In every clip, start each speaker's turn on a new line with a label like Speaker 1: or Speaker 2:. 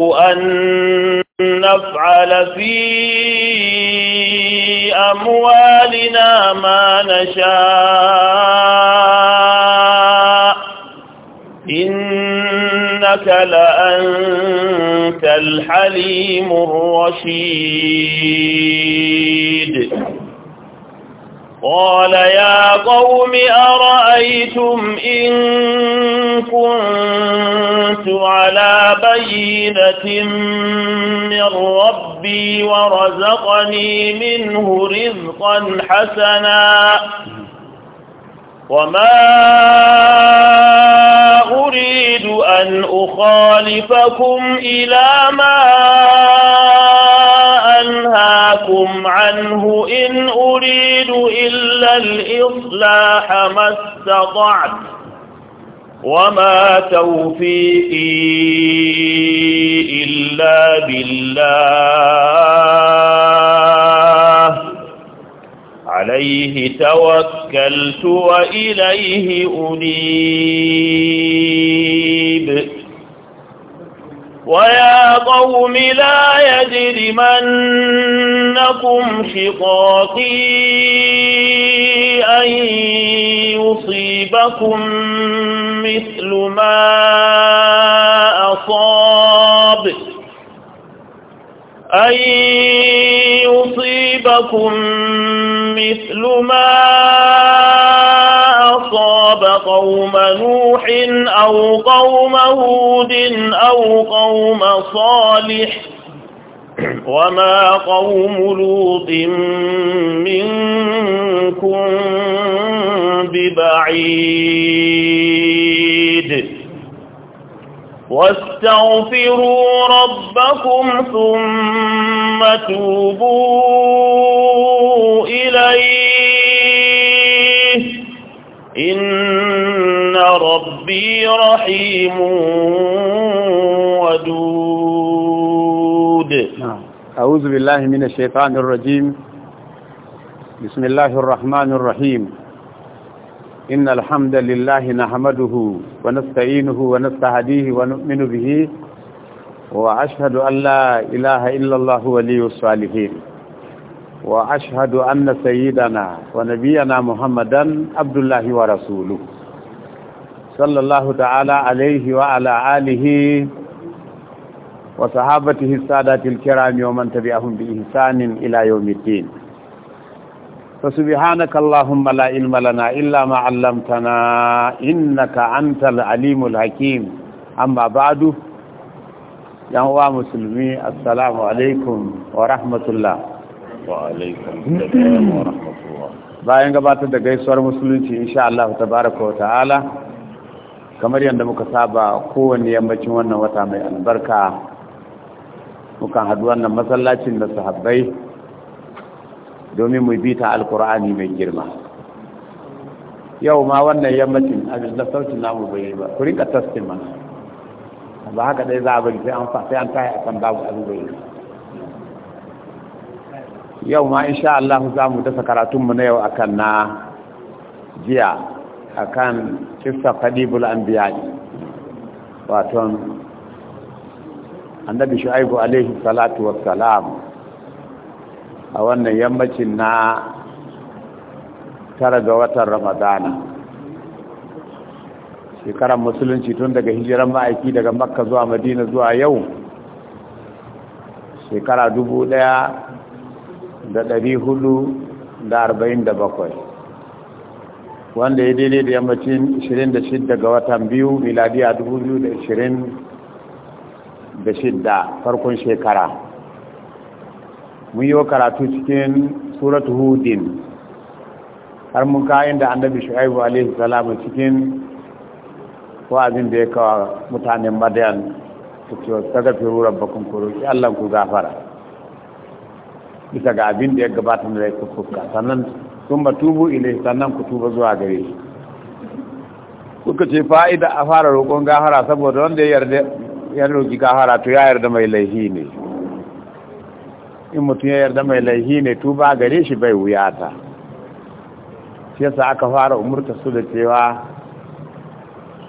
Speaker 1: أن نفعل في أموالنا ما نشاء إنك لأنت الحليم الرشيد قال يا قوم أرأيتم إن كنت على بينة من ربي ورزقني منه رزقا حسنا وما أريد أن أخالفكم إلى ما أنهاكم عنه إن أريد إلا الإصلاح ما استطعت وما توفيقي إلا بالله عليه توكلت وإليه أنيب ويا قوم لا يجرمنكم شقاقي أن يصيبكم مثل ما أصاب أن يصيبكم مثل ما أصاب خاب قوم نوح أو قوم هود أو قوم صالح وما قوم لوط منكم ببعيد واستغفروا ربكم ثم توبوا إليه إن ربي رحيم
Speaker 2: ودود نعم. أعوذ بالله من الشيطان الرجيم بسم الله الرحمن الرحيم إن الحمد لله نحمده ونستعينه ونستهديه ونؤمن به وأشهد أن لا إله إلا الله ولي الصالحين wa ashhadu anna dana wa nabiyyana muhammadan abdullahi wa rasuluhu sallallahu ta'ala alayhi wa ala alihi wa sahabatihi sadatil kirami wa man tabi'ahum bi ihsanin ila yawmiddin subhanaka allahumma la ilma lana illa ma 'allamtana innaka antal alimul hakim amma ba'du ya wa muslimi assalamu alaykum wa rahmatullah bayan gabatar da gaisuwar musulunci insha Allah tabaraka wa ta'ala kamar yadda muka saba kowanne yammacin wannan wata mai albarka muka haɗu wannan masallacin da sahabbai domin mu bi ta alkur'ani mai girma yau ma wannan yammacin abin da sautin namu bai yi ba ku rika tasirin mana ba haka dai za a bari sai an fa sai an a babu abu bai yi yau ma insha Allah za mu dasa karatunmu na yau akan na jiya akan kissa kadibul anbiya wato annabi shu'aibu alaihi salatu wassalam a wannan yammacin na tara ga watan ramadana shekarar musulunci tun daga hijiran ma'aiki daga makka zuwa madina zuwa yau shekara dubu ɗaya. da ɗari hudu da arba'in da bakwai wanda ya daidai da yammacin 26 ga watan biyu miladiya 2026 farkon shekara mun yi wa karatu cikin suratu hudin har mun kayan da annabi shu'aibu alaihi salamu cikin wa'azin da ya kawo mutanen madayan su ce wasu ta rurar bakon kuro ki allah ku gafara bisa ga abin da ya gabata na laifin fuska sannan sun ba tubu ile sannan ku tuba zuwa gare shi kuka ce fa'ida a fara roƙon gahara saboda wanda ya yarda ya roƙi gahara to ya yarda mai laihi ne in mutum ya yarda mai laihi ne tuba gare shi bai wuyata shi yasa aka fara umurta su da cewa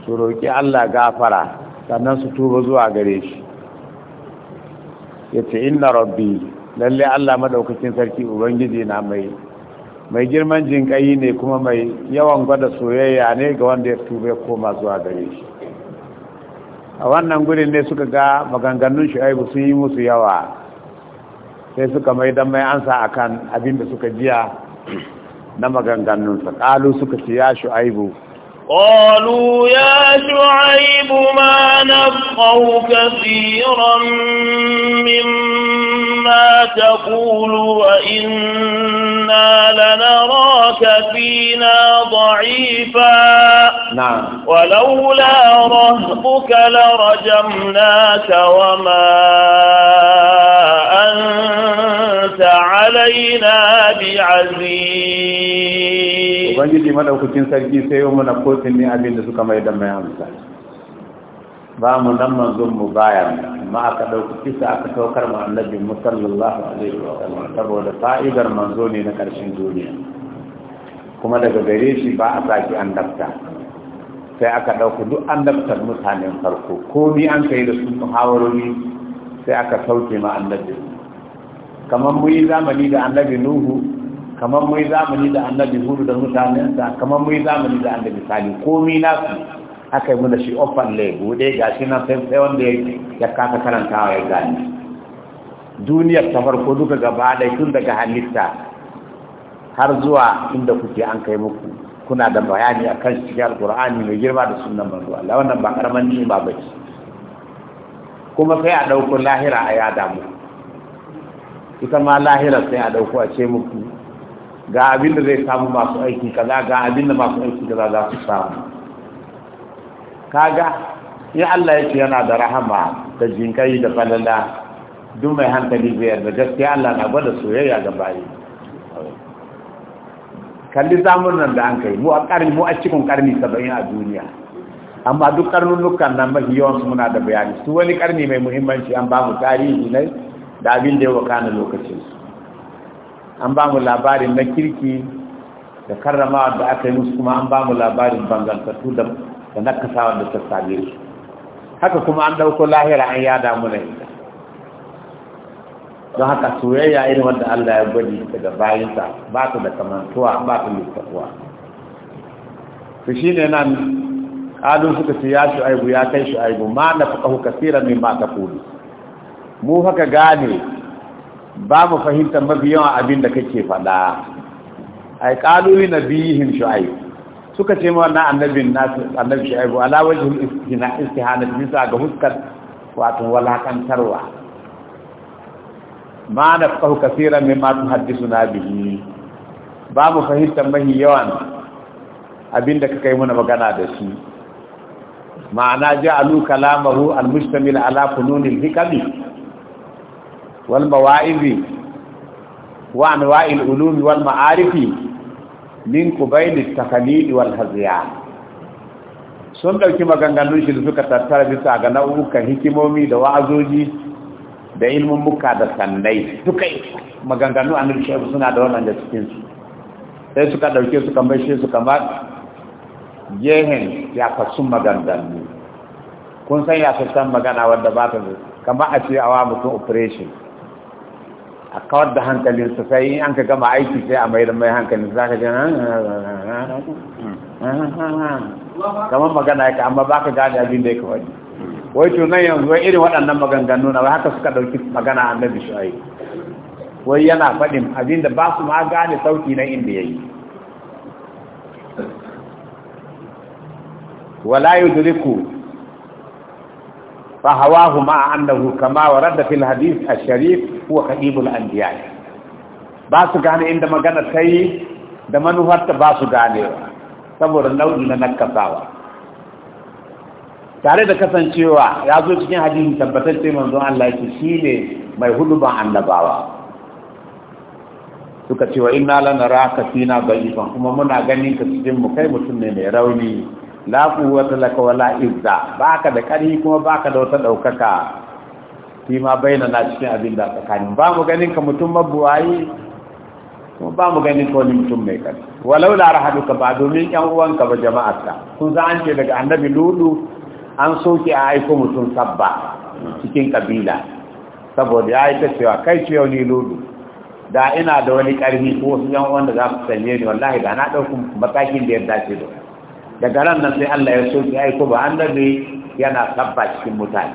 Speaker 2: su roƙi Allah gafara sannan su tuba zuwa gare shi Ya ce inna rabbi lalle Allah madaukakin sarki ubangiji na mai mai girman jinƙayi ne kuma mai yawan gwada soyayya ne ga wanda ya tube koma zuwa gare shi a wannan gurin ne suka ga maganganun shu'aibu sun yi musu yawa sai suka mai dan mai ansa akan abin da suka jiya na maganganunsa Kalu suka ce ya shu'aibu
Speaker 1: قالوا يا شعيب ما نفقه كثيرا مما تقول وإنا لنراك فينا ضعيفا نعم ولولا رهبك لرجمناك وما أنت علينا
Speaker 2: بعزيز وبنجي دي مدى وكتين سرقين سيومنا قلت اني أبين دسوكا ما يدمي عمسا ba mu nan manzon mu baya amma aka dauki kisa aka saukar mu annabi musallallahu alaihi wa sallam saboda fa'idar manzo ne na karshen duniya kuma daga gare shi ba a saki annabta sai aka dauki duk annabtar mutanen farko komai an kai da su muhawaroni sai aka sauke ma annabi kamar mu yi zamani da annabi nuhu kamar mu yi zamani da annabi hudu da mutanensa kamar mu yi zamani da annabi sali komai su aka yi muna shi ofan lai bude ga shi nan sai wanda ya kasa karantawa ya gani duniyar ta farko duka gaba da tun daga halitta har zuwa inda kuke an kai muku kuna da bayani a kan shi alkur'ani mai girma da sunan manzo Allah wannan ba karaman ne ba ce kuma sai a ɗauko lahira a yada mu ita ma lahira sai a ɗauko a ce muku ga abin da zai samu masu aiki kaza ga abin da masu aiki kaza za su samu kaga ya Allah ya ce yana da rahama da jinkai da falala duk mai hankali zai yarda gaskiya Allah na gwada soyayya ga bayi kalli nan da an kai mu a karni mu a cikin karni saba'in a duniya amma duk karnunukan nan mafi yawan su muna da bayani su wani karni mai muhimmanci an ba mu tarihi ne da abin da ya wakana lokacin su an ba mu labarin na kirki da karramawa da aka yi musu kuma an ba mu labarin bangantattu da da nakasawar da ta same su haka kuma an ɗauko lahira an ya damu ita don haka soyayya irin wanda Allah ya gwani daga bayansa ba ta da kamantuwa ba ta littafuwa su shi ne nan ƙalun suka ce ya shu'aibu ya kai shu'aibu ma na fuka hukasira min ma ta kudu mu haka gane ba mu fahimtar mafi yawan abin da kake faɗa ai ƙaluri na biyihin shu'aibu suka ce ma wannan annabin nasu annabi shaibu ala wajhul istihana istihana bisa ga huskar wato walakantarwa ma na fahu kasiran ma tuhaddisuna bihi ba mu fahimtar mahi yawan abinda ka kai muna magana da shi ma'ana ja'alu kalamahu al ala fununil hikami wal mawa'izi wa anwa'il ulumi wal ma'arifi min kubaili takalidi wal haziyan sun dauki maganganun shi da suka tattara bisa ga nau'ukan hikimomi da wa'azoji da ilmin muka da sannai duka maganganu a nan suna da wannan da cikin su sai suka dauke su kamar shi su kamar gehen ya fasu maganganu kun san ya magana wadda ba ta kamar a ce awa mutum operation a kawar da hankalin su sai an ka gama aiki sai a mai da mai hankalin za ka ji ah, ah, ah, kamar magana ya amma ba ka gane abin da ya kawai wai tunan yanzu wai irin waɗannan maganganu na haka suka ɗauki magana annabi shu'ayi wai yana faɗin abin da ba su ma gane sauki na inda ya yi wala yudriku fa hawa hu ma annahu kama warada fil hadith asharif huwa qadibul anbiya ba su gane inda magana tai da manufar ta ba su gane saboda nau'i na nakasawa tare da kasancewa ya zo cikin hadisi tabbatar cewa manzon Allah yake shi ne mai huduban annabawa suka cewa inna lana raka fina bayyan kuma muna ganin ka cikin mu kai mutum ne mai rauni la quwwata laka wala izza baka da kari kuma baka da wata daukaka shi ma bayyana cikin abin da tsakanin ba mu ganin ka mutum mabuwayi kuma ba mu ganin ka wani mutum mai ƙarfi walau la rahaduka ba domin yan uwanka ba jama'arka kun za an ce daga annabi lulu an soke a aiko mutum sabba cikin kabila saboda ya yi ta cewa kai ce yau ni lulu da ina da wani karfi ko wasu yan da za su sanye ni wallahi da na ɗaukun matakin da ya dace da daga ran nan sai Allah ya so ki aiko ba annabi yana sabba cikin mutane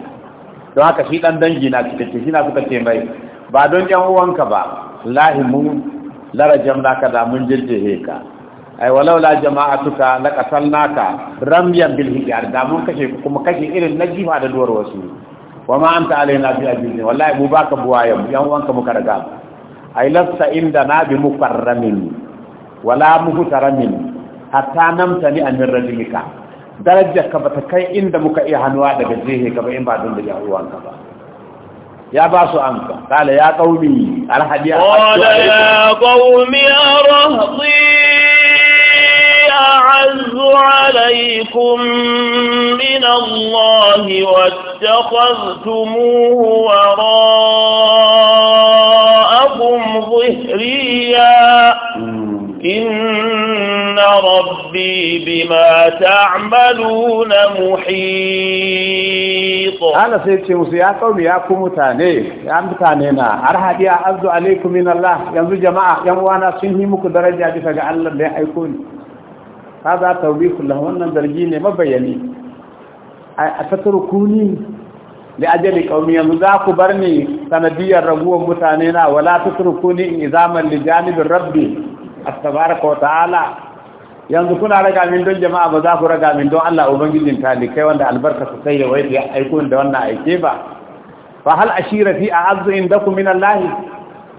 Speaker 2: don haka shi dan dangi na cikin shi na suka ce mai ba don yan uwanka ba lahi mu larajan naka da mun jirjehe ka ai walau la jama'atuka laqatalnaka ramyan bil hijar da mun kashe kuma kashe irin na jifa da duwar wasu wa ma anta alaina bi aziz wallahi mu baka buwaye mu yan uwanka muka raga ai lasta inda na bi mukarramin wala muhtaramin hatta namta ni an rajulika darajar ka bata kai inda muka iya hannuwa daga jihe gaba in ba don da yahuwan ka ba ya ba su amsa kala ya qaumi alhadi ya qaumi arhdi
Speaker 1: a'azzu alaykum min Allah wattakhadhtumuhu wara'akum dhihriya ربي بما تعملون
Speaker 2: محيط أنا سيدي مسياكم يا كمتاني يا متانينا أرهد يا عبد عليكم من الله ينزو جماعة يموانا سنهمك درجة جفق الله لا يكون هذا توبيخ الله وانا درجيني ما بياني أتتركوني da ajali kaumi yanzu za ku bar ni sanadiyar raguwar mutane na wala tuturku ni in izaman li janibin rabbi astabaraka wa ta'ala yanzu kuna raga min don jama'a ba za ku raga min don Allah ubangijin talikai wanda albarka su sai yawai ya aiko da wannan aike ba fa hal ashira fi a'azzu indakum min Allah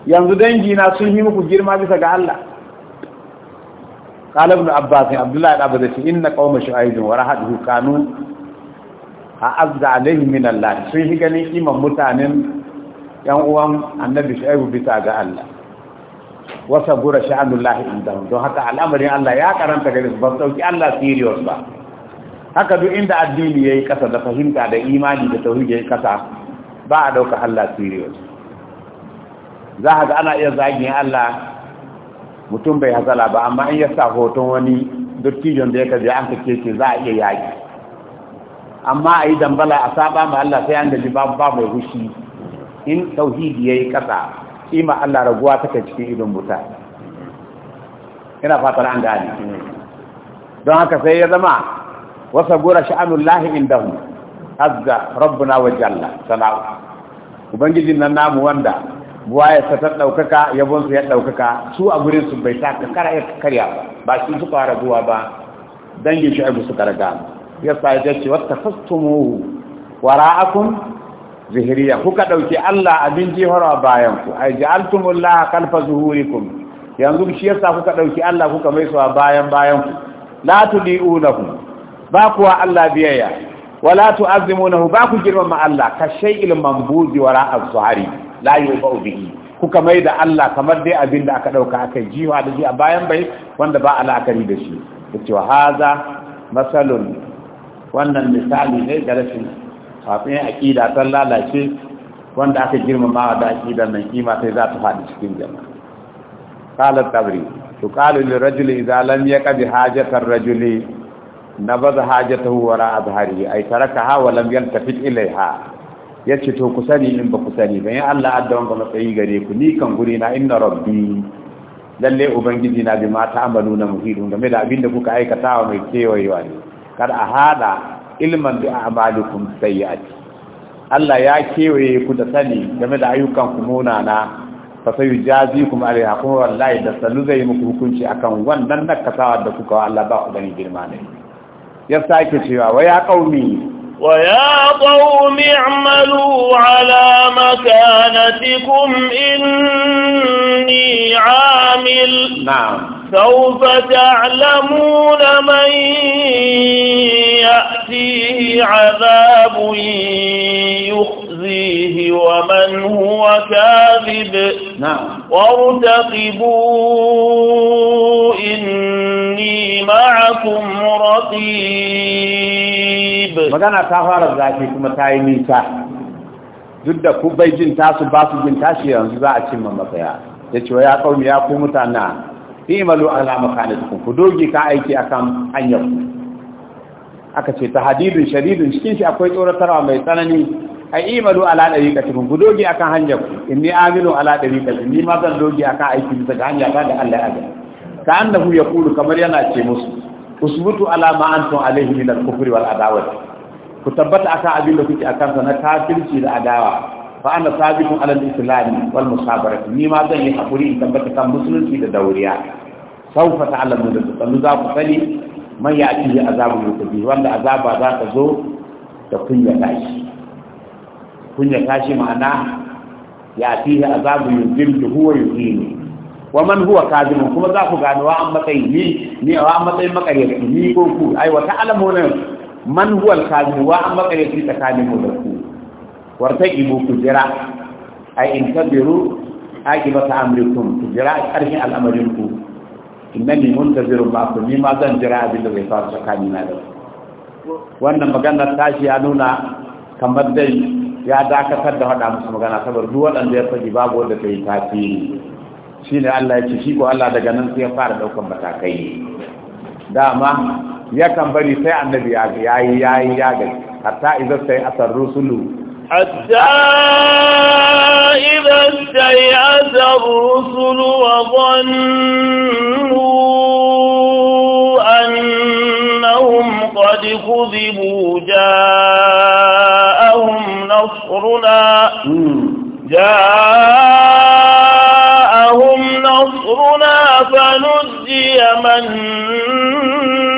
Speaker 2: yanzu dangi na sun yi muku girma bisa ga Allah qala ibn abbas abdullahi da abada inna qauma shu'aib wa rahaduhu kanu a'azza alaihim min Allah sun yi ganin iman mutanen yan uwan annabi shu'aib bisa ga Allah wasa gura sha'anullahi inda don haka al'amarin Allah ya karanta ga su ba sauki Allah serious ba haka duk inda addini yayi kasa da fahimta da imani da tauhidi yayi kasa ba a dauka Allah serious za a ga ana iya zagin Allah mutum bai hazala ba amma in ya sa hoton wani dattijon da ya kaje an kace ce za a iya yaki amma a yi dambala a saba ma Allah sai an gaji babu babu hushi in tauhidi yayi kasa kima Allah raguwa take cikin idon buta ina fatar an gane don haka sai ya zama wasa gura sha'anul lahi indahu azza rabbuna wa jalla sana'u ubangijin nan namu wanda buwa ya ta daukaka yabon su ya daukaka su a gurin su bai sa kara ya karya ba ba shi su fara zuwa ba dangin shi aibu su karga yasa ya ce wata fastumu wara'akum zihiriya kuka ɗauki Allah abin jihar bayan ku ai ja'altumullah kalfa zuhurikum yanzu shi yasa kuka ɗauki Allah kuka mai su bayan bayan ku la tudiunahu ba kuwa Allah biyayya wala tu'azzimunahu ba ku girmama Allah ka shay'il mambuzi wara az-zuhari la yubau bihi kuka mai da Allah kamar dai abin da aka ɗauka akai jiwa da a bayan bai wanda ba al'akari da shi yace wa haza masalun wannan misali ne ga kafin aƙida ta lalace wanda aka girmama da aƙidan nan kima sai za ta faɗi cikin jama'a qala tabri to qala lil rajuli idza lam yaqdi hajata ar rajuli a zahar'i. wara azhari ay ha wa lam yaltafit ilayha yace to ku sani in ba ku sani ba in Allah adda ba matsayi gare ku ni kan guri na inna rabbi lalle ubangiji na bi mata na muhidu game da abin da kuka aikata wa mai kewayewa ne kar a hada ilman bi a'malikum sayyi'ati Allah ya kewaye ku da sani game da ayyukan ku munana fa sayujazikum alaiha kuma wallahi da sanu zai muku hukunci akan wannan nakasawa da kuka wa Allah ba ku gani girma ne ya sake cewa wa ya qaumi wa ya
Speaker 1: qaumi ala makanatikum inni 'amil na'am سوف تعلمون من يأتيه عذاب يخزيه ومن هو كاذب نعم وارتقبوا
Speaker 2: إني معكم رقيب مجانا تفارة ذاتي كما تايمين duk da ku bai jin tasu ba su jin tashi yanzu za a cimma matsaya imalu ala makanatikum ku doge ka aiki akan hanyar ku aka ce tahdidun shadidun cikin shi akwai tsoratarwa mai tsanani ai imalu ala dariqatikum ku doge akan hanyar ku inni amilu ala dariqatikum ni ma zan doge akan aiki bisa ga hanya ta da Allah ya ga ka annahu yaqulu kamar yana ce musu usbutu ala ma antum alayhi min al-kufri wal adawati ku tabbata akan abin da kuke akan sa na kafirci da adawa fa ana sabitun alal islam wal musabara ni ma zan yi hakuri in tabbata kan musulunci da dauriya saufa ta'lamu da tsallu za ku sani man ya ci azabu mutabi wanda azaba za ta zo da kunya tashi kunya tashi ma'ana ya fi azabu yuzillu huwa yuzini wa man huwa kadhibun kuma za ku gane wa an matsayin ni ni wa an matsayin makaryaci ni ko ku ai wa ta'lamuna man huwa al-kadhib wa an makaryaci tsakanin mu ku warta ibu kujira ay intabiru tabiru akibata amrikum kujira arhi al al'amarin ku innani muntazirun ba ku ni zan jira abin da zai na da wannan maganar tashi ya nuna kamar dai ya dakatar da haɗa musu magana saboda duk wanda ya faɗi babu wanda ta yi tasiri shi ne Allah ya ce shi ko Allah daga nan sai ya fara ɗaukan matakai dama yakan bari sai annabi ya yi ya yi ya gari hatta idan sai asar rusulu حتى
Speaker 1: إذا استيأس الرسل وظنوا أنهم قد كذبوا جاءهم نصرنا جاءهم نصرنا فنجي من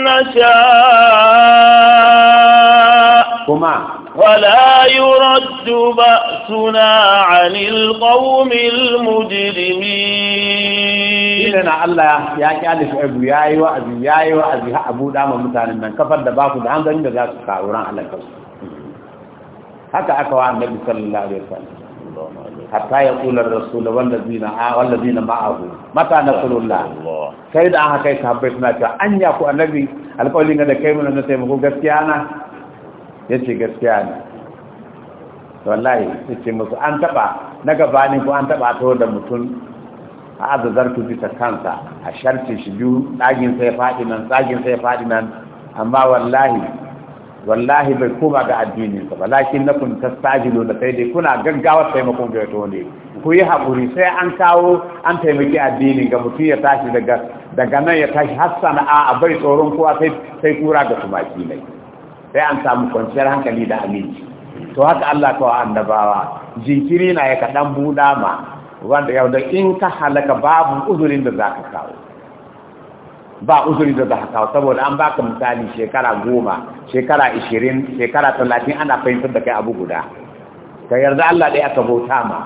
Speaker 1: نشاء ولا يرد بأسنا
Speaker 2: عن القوم المجرمين إننا الله يا كالي شعب يا أيوة أبي يا أيوة أبي أبو دام مثال من كفر دباكو دعان دعان دعان كاوران على كفر هكا أكوى النبي صلى الله عليه وسلم حتى يقول الرسول والذين والذين معه متى نصر الله سيد أها كيف حبيتنا أن يكون النبي القول إن ده كيمنا نتيمكو قسيانا ya ce gaskiya ne wallahi ya ce musu an taba na gaba ne ko an taɓa ta da mutum a azazar bisa kansa a sharce shi biyu ɗagin sai faɗi nan ɗagin sai faɗi nan amma wallahi wallahi bai koma ga addininsa ba lakin na kun tastajilu na sai dai kuna gaggawa taimakon ga ne ku yi haƙuri sai an kawo an taimaki addini ga mutum ya tashi daga nan ya tashi har sana'a a bai tsoron kowa sai kura ga tumaki mai sai an samu kwanciyar hankali da aminci to haka Allah kawo annabawa jinkiri na ya kaɗan buɗa ma wanda yau da in ka halaka babu uzurin da za ka kawo ba uzuri da za ka kawo saboda an baka misali shekara goma shekara ishirin shekara talatin ana fahimtar da kai abu guda ka yarda Allah ɗaya aka bauta ma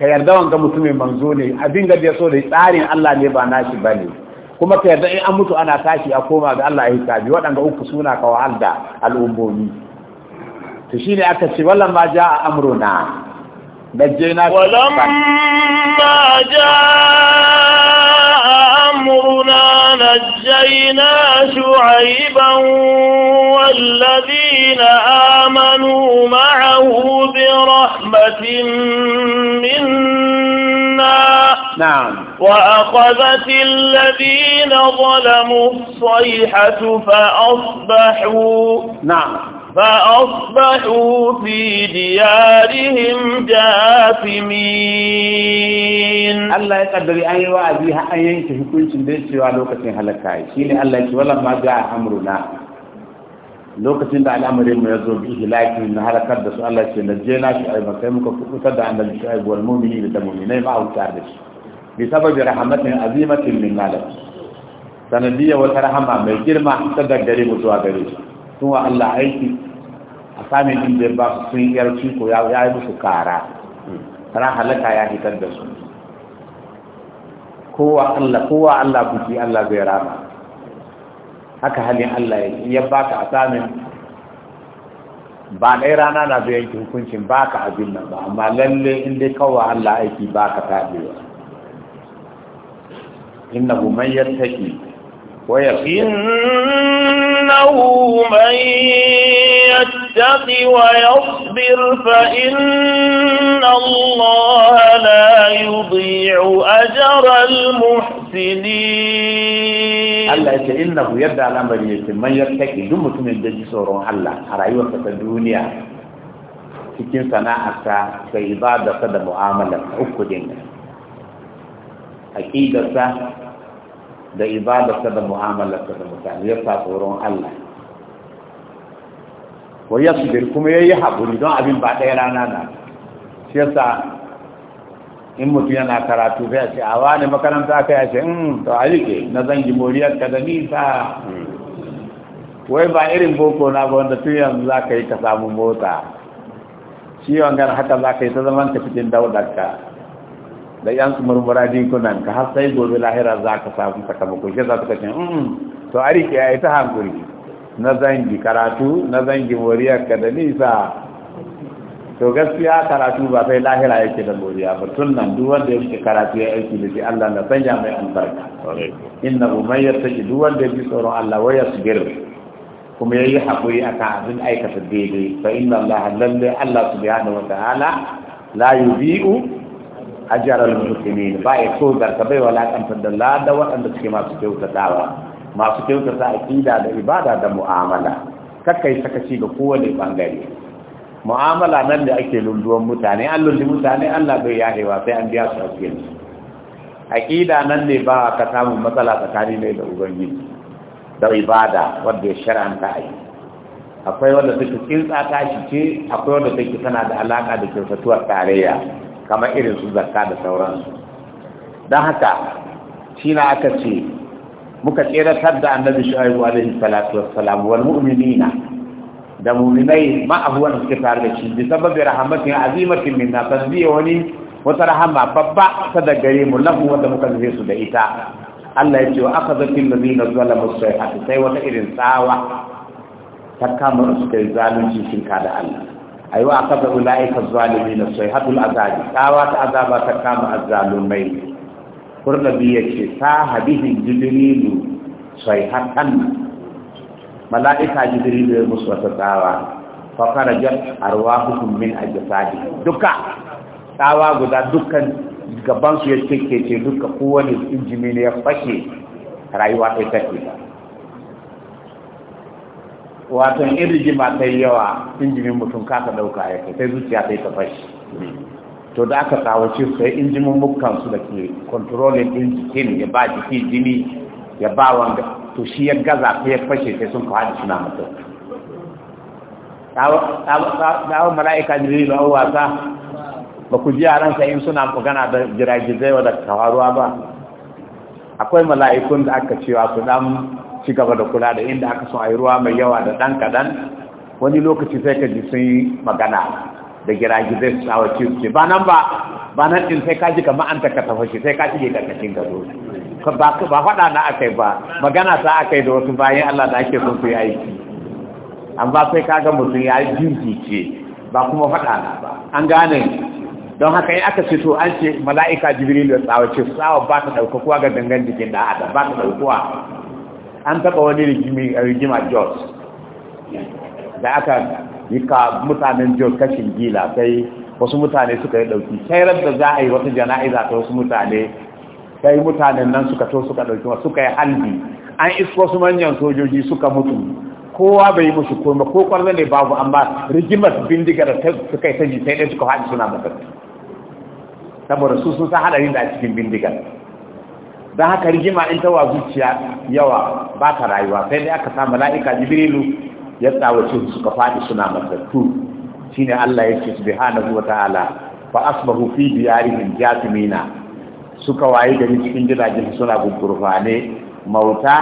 Speaker 2: ka yarda wanga mutumin manzo ne abin da ya so da tsarin Allah ne ba nashi ba ne kuma ka yarda in an mutu ana tashi a koma ga Allah ya hisabi waɗanda uku suna ka wahal da al'ummomi to shine aka ce wallan ma ja'a amruna najjayna wallan ma
Speaker 1: ja'a أمرنا نجينا شعيبا والذين آمنوا معه برحمة منا نعم وأخذت الذين ظلموا الصيحة فأصبحوا نعم Ba of bai ufi diyari yin
Speaker 2: jasimin. Allah ya kaddabi an yi wa'azi ha an yanke hukuncin da ya cewa lokacin halaƙaɗe, shi ne Lokacin da al'amarin mu ya zo biyu da laifin na halaƙaɗa da su Allah ya ce na jaina su a'ima fyaɗe muka fi musadar a'imanta, sai a'imu mun yi da ta muni, n'ai ba'a da shi. Ni sababa biyar a Hamadir Azimutu Mininga daga sanadiyyar wa Rahama mai girma, musadar Garin mutuwa gari. sun wa Allah aiki a samun din da ba su sun yar ciko ya yi musu kara sana halaka ya hitar da su kowa Allah kowa Allah buki Allah zai rama haka halin Allah ya baka a samun ba ɗaya rana na zai yanki hukuncin baka abin nan ba amma lalle in dai kawai Allah aiki baka tabewa innahu man yattaqi ويخشى
Speaker 1: من يتق ويصبر فإن الله لا يضيع أجر المحسنين
Speaker 2: الله يقول إنه يبدأ الأمر يقول من يتقي دم من دجسور الله على يوسف الدنيا cikin sana'arsa sai ibadarsa da mu'amalar uku din da ibadarsa da mu'amalarsa da mutane ya sa tsoron Allah wa yasbir kuma ya yi haƙuri don abin ba ɗaya rana na shi yasa in mutum yana karatu zai ce a wani makaranta aka ya in hmm, to a rike na zangi moriyar ka da nisa wai ba irin boko na ba wanda tun yanzu za ka yi ka samu mota ciwon gan haka za ka yi ta zaman ka fitin daudar ka da yan su murmura dinkunan ka har sai gobe lahira za ka samu sakamako shi za su kace mm, mm, to a rike ya yi ta hankuri na zangi karatu na zangi moriyar ka da nisa to gaskiya karatu ba sai lahira yake da moriya ba tun nan duk wanda yake karatu ya aiki da shi Allah na sanya mai albarka inna umayyar ta ji duk wanda yake tsoron Allah waya su kuma yayi hakuri akan abin aikata daidai fa inna Allah lalle Allah subhanahu wa ta'ala la yubi'u ajaral muslimin ba ya tozarta bai walakantar da lada waɗanda suke masu kyautatawa masu kyautata aqida da ibada da mu'amala kakkai sakaci ga kowane bangare mu'amala nan da ake lulluwan mutane an lulli mutane Allah bai hewa sai an biya su A aqida nan ne ba ka samu matsala tsakani ne da ubangiji da ibada wanda ya shar'anta a akwai wanda take ta shi ce akwai wanda take tana da alaka da kyautatuwar tarayya kamar irin su zakka da sauransu don haka shi na aka ce muka tseratar da annabi shu'aibu alaihi salatu wassalam wal mu'minina da mu'minai ma abuwan suke tare da shi bi sababi rahmatin azimatin minna tasbiya wani wata rahama babba ta da gare mu lahu wanda muka zai su da ita Allah ya ce wa akhadhatil ladina zalamu sayhatu sai wata irin tsawa ta kama su kai zalunci shin da Allah wa aka da ula'ika zalimi na sai hadul azabi tsawa ta azaba ta kama azalumai kurnabi ya ce ta hadihin jibrilu sai hakan mala'ika jibrilu ya musu wata tsawa fa arwa arwahuhum min ajsadi duka tsawa guda dukkan gaban su ya ce duka kowane injimi ne ya fashe rayuwa ta tafi wato in rigima ta yi yawa injimin mutum kasa ɗauka ya kai sai zuciya ta yi ta fashi to da aka kawo su sai injimin mukan su da ke kontrolin ɗin jikin ya ba jiki jini ya ba wanda to shi ya gaza ta ya fashe sai sun kawo da suna mutum dawon mala'ika jiri ba wasa ba ku ji ransa in suna magana da jiragizai wa da kawaruwa ba akwai mala'ikun da aka cewa su dan ci gaba da kula da inda aka so a yi ruwa mai yawa da ɗan kaɗan wani lokaci sai ka ji sun yi magana da giragizai su sawa ci su ce ba nan ba ba nan ɗin sai ka ji kamar an taka shi sai ka ka ƙarƙashin gado ba faɗa na aka yi ba magana ta aka yi da wasu bayan allah da ake son su yi aiki an ba sai k'a ga mutum ya jinkice ba kuma faɗa na ba an gane don haka in aka ce to an ce mala'ika jibril ya tsawace tsawa ba ta ɗaukakuwa ga dangan jikin da adam ba ta ɗaukakuwa an taɓa wani rigima jos da aka yi ka mutanen jos kashin gila sai wasu mutane suka yi ɗauki sai da za a yi wata jana'iza ta wasu mutane sai mutanen nan suka to suka ɗauki suka yi halbi an isko su manyan sojoji suka mutu kowa bai yi musu koma ko kwarzan ne babu amma rigimar bindigar ta suka yi ta jisai ɗaya suka haɗi suna matattu saboda su sun san haɗarin da a cikin bindigar don haka rigima in ta wa zuciya yawa ba ta rayuwa sai dai aka sa mala'ika jibrilu ya tsawace suka faɗi suna matattu ne Allah ya ce su bi hana wa ta'ala fa asbahu fi diyarihim jathimina suka waye gari cikin gidajen suna ne mauta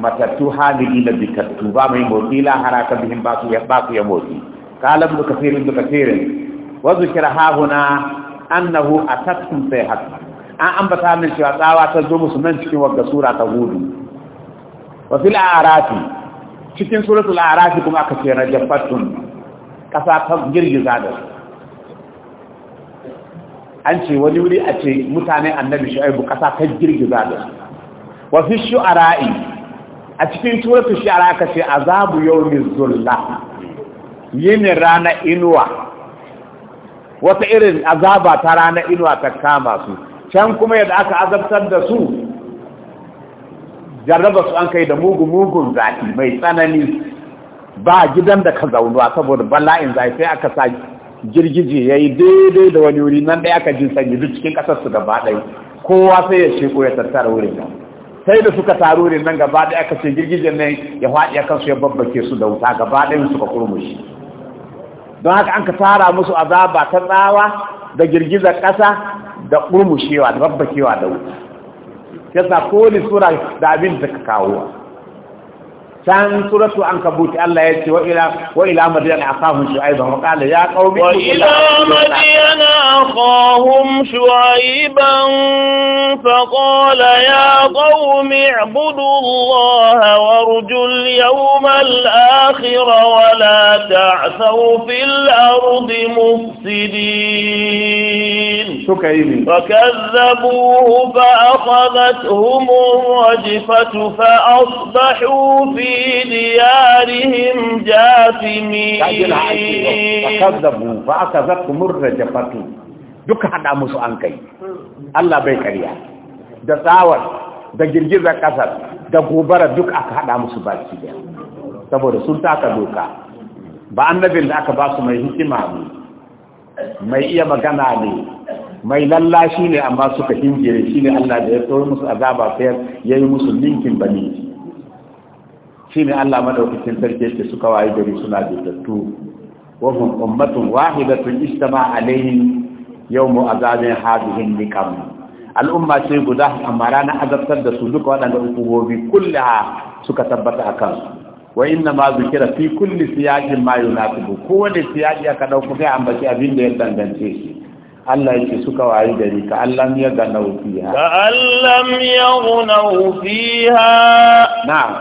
Speaker 2: matattu hadili da bikattu ba mai motsi lahara, ta bihin ba su ya motsi. su ya motsi qala ibn kathir ibn kira wa zikra ha huna annahu an ambata min cewa tsawa ta zo musu nan cikin wagga sura ta hudu wa fil a'rafi cikin suratul a'rafi kuma aka ce rajafatun kasa ta girgiza da an ce wani wuri a ce mutane annabi shu'aibu kasa ta girgiza da wa fi shu'ara'i a cikin suratul shu'ara aka ce azabu yawmi zulla yini rana inuwa wata irin azaba ta rana inuwa ta kama su can kuma yadda aka azabtar da su jarraba su an kai da mugun mugun zafi mai tsanani ba gidan da ka zaunuwa saboda bala'in zafi sai aka sa girgije ya yi daidai da wani wuri nan ɗaya aka jin sanyi duk cikin ƙasar su gaba ɗaya kowa sai ya sheko ya tattara wurin nan sai da suka taru wurin nan gaba ɗaya aka ce girgijen nan ya faɗi kansu ya babbake su da wuta gaba ɗaya suka kurmushi don haka an ka tara musu azaba ta tsawa da girgizar ƙasa da kurmushewa da babbakewa da wuta yasa kowane sura da abin da ka kawo can suratu an kabuti Allah ya ce wa ila wa ila madiyana akahum shu'aiban wa qala ya qaumi wa ila madiyana
Speaker 1: akhahum shu'aiban fa qala ya qaumi i'budu Allah warju al-yawma al-akhir wa la ta'thaw fil ardi mufsidin شكيم فكذبوه فأخذتهم الرجفة فأصبحوا ba a
Speaker 2: جاثمين فكذبوا da الرجفة duk hada musu an kai Allah bai karya. da tsawar da girgizar kasar da gobara duk aka hada musu baki daya saboda sun taka doka ba annabin da aka ba su mai hikima ne mai iya magana ne mai lallashi ne amma suka hingire shi ne Allah da ya tsoro musu azaba fayar, ya yi musu linkin bane shi ne Allah madaukakin sarki yake suka waye gari suna bitattu wa hum ummatun wahidatun istama alaihim yawmu azabin hadhihi nikam al'umma sai guda amma rana azabtar da su duka waɗanda kulle kullaha suka tabbata a kan wa inna ma zikira fi kulli siyaqin ma yunasibu kowane siyaqi aka dauko kai ambaci abin da ya dangance shi Allah yake suka wayi gari ka Allah ya gana fiha
Speaker 1: ka Allah ya gana fiha na'am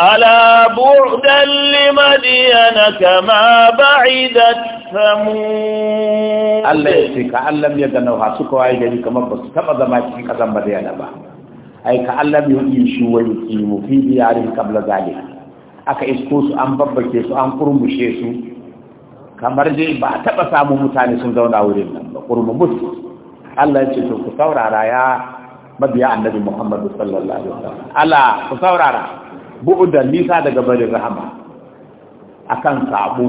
Speaker 1: ala bu'dan limadiyana kama ba'idat
Speaker 2: samud Allah ya ce ka Allah ya gana ha suka wayi gari kamar ba su taba zama cikin kasan madiyana ba ai ka Allah ya yi shi wa yuqimu fi diyarin qabla zalika aka isko su an babbake su an kurmushe su kamar dai ba taɓa samun mutane sun zauna wurin nan ba ƙurmumus Allah ya ce to ku saurara ya mabiya annabi Muhammadu sallallahu alaihi wasallam Allah ku saurara da nisa daga bari rahama akan sabu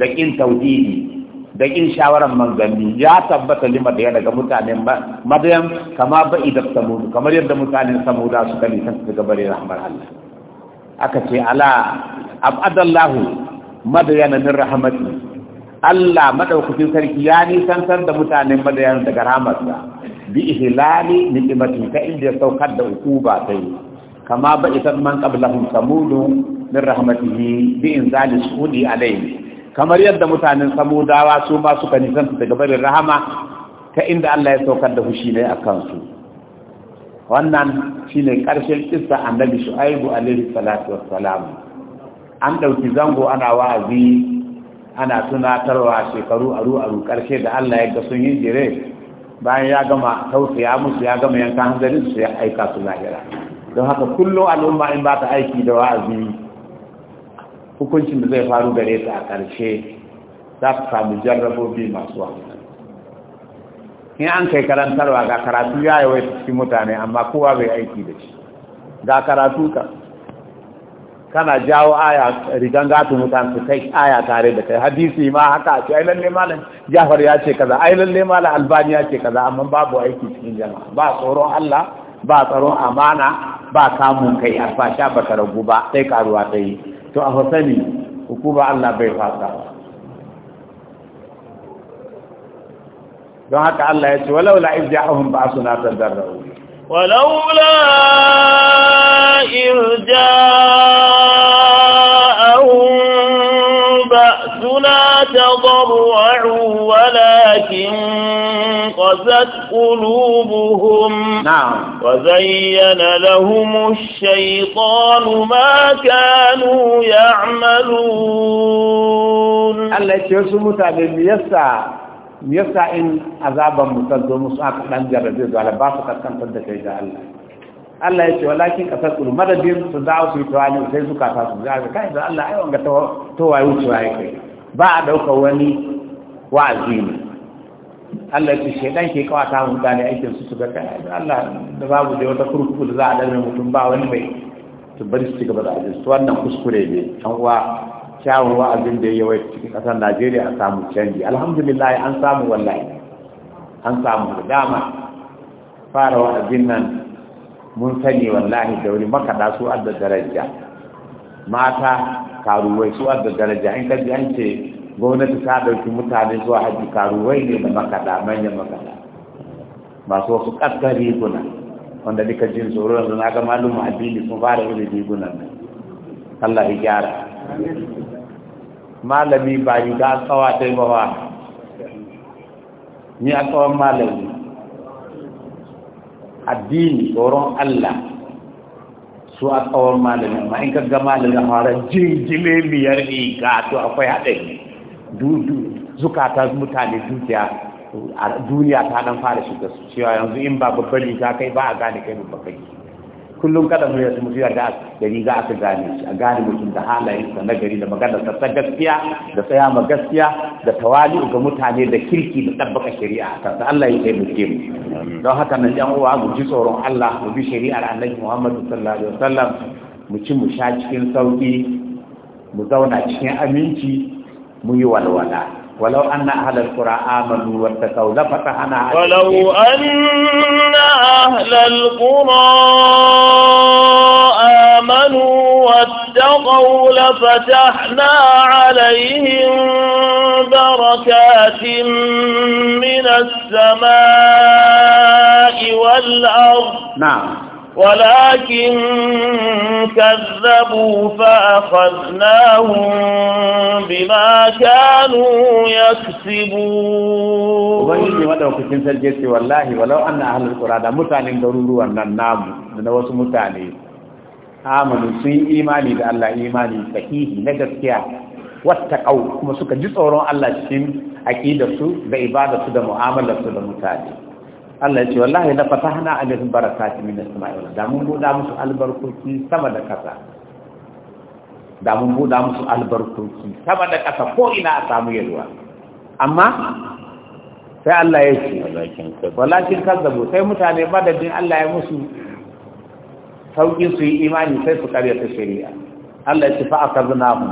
Speaker 2: da kin tauhidi da kin shawaran manzanni ya tabbata lima da daga mutanen madayan kama ba'i da samud kamar yadda mutanen samuda suka san daga bari rahmar Allah aka ce ala abadallahu madayana min rahmati Allah madaukakin sarki ya nisantar da mutanen madayan daga ramarsa bi ihlali ni'matin ka inda saukar da ukuba sai kama ba isan man qablahum samudu min rahmatihi bi inzali sudi alayhi kamar yadda mutanen samudawa su ma suka nisanta daga barin rahama ta inda Allah ya saukar da fushi ne akan su wannan shine karshen kissa annabi shu'aibu alaihi salatu wassalam an ɗauki zango ana wa'azi ana tunatarwa shekaru aru aru karshe da Allah ya ga sun yi jire bayan ya gama tausaya musu ya gama yanka hanzarin su ya aika su lahira don haka kullum al'umma in ba ta aiki da wa'azi hukuncin da zai faru gare ta a karshe za ta samu jarrabobi masu wahala in an kai karantarwa ga karatu ya yawaita cikin mutane amma kowa bai aiki da shi ga karatu ka kana jawo aya rigan gatu mutan su kai aya tare da kai hadisi ma haka ce ai lalle malam Jafar ya ce kaza ai lalle malam Albani ya ce kaza amma babu aiki cikin jama'a ba tsoron Allah ba tsaron amana ba kamun kai alfasha ba ka ragu ba sai karuwa ta yi to a husani hukuma Allah bai fasa don haka Allah ya ce walau la izja'ahum ba'suna tadarru
Speaker 1: ولولا إذ جاءهم بأسنا تضرعوا ولكن قست قلوبهم نعم وزين لهم الشيطان ما كانوا يعملون
Speaker 2: الله يسلمك تابع يسعى yasa in azaban mu zo musu aka dan jarrabe da ba su kaskantar da kai ga Allah Allah ya ce walakin kasar kudu madadin su za su yi tawali sai suka ta su za ka kai da Allah ai wanga ta waye wuce ya kai ba a dauka wani wa'azi ne Allah ya ce shaidan ke kawata mu gane aikin su su ga kai da Allah da babu da wata kurkuku da za a danne mutum ba wani mai to bari su ci gaba da ajin su wannan kuskure ne an uwa kyawun wa'azin da ya yi cikin ƙasar najeriya a samu canji alhamdulillah an samu wallahi an samu da dama fara wa'azin nan mun sani wallahi da wuri makaɗa su adda daraja mata karuwai su adda daraja in kaji an ce gwamnati ta ɗauki mutane zuwa haji karuwai ne da makaɗa manyan makaɗa masu wasu ƙasar riguna wanda duka jin tsoro yanzu na ga malum addini sun fara wani rigunan nan Allah ya gyara malami ba yi ga tsawa ta yi ba ni a tsawon malami addini tsoron Allah su a tsawon malamin ma in malami a fara jingile biyar ga to akwai haɗari zukata mutane dukiya a duniya ta dan fara shiga su cewa yanzu in ba babbali riga kai ba a gane kai babbali kullum kada mu yi mutum gari da riga aka gane shi a gane mutum da sa, na gari da maganar ta gaskiya da tsaya ma gaskiya da tawali ga mutane da kirki da tabbaka shari'a Ta kan Allah ya yi mu don haka nan yan uwa mu ji tsoron Allah mu bi shari'ar Annabi Muhammad sallallahu alaihi wasallam mu ci mu sha cikin sauki mu zauna cikin aminci mu yi walwala ولو أن أهل القرى آمنوا واتقوا لفتحنا ولو أن أهل القرى
Speaker 1: آمنوا واتقوا لفتحنا عليهم بركات من السماء والأرض نعم ولكن كذبوا فأخذناهم
Speaker 2: بما كانوا يكسبون وبنجي مدعو كتن سلجيسي والله ولو أن أهل القرى دا متعلم ضرورو أن النام لنوس متعلم آمنوا سي إيماني دا الله إيماني فكيه نجسكيا واتقوا كما سكا جسورون الله شم أكيد سو بإبادة سو دا معاملة سو دا متعلم Allah ya ce wallahi la fatahna alaihim barakatun min as-sama'i wal da mun buda musu albarkoci sama da kasa da mun buda musu albarkoci sama da kasa ko ina a samu yalwa amma sai Allah ya ce walakin kazzabu sai mutane madadin Allah ya musu sauki su yi imani sai su ta shari'a Allah ya ce fa akazna mu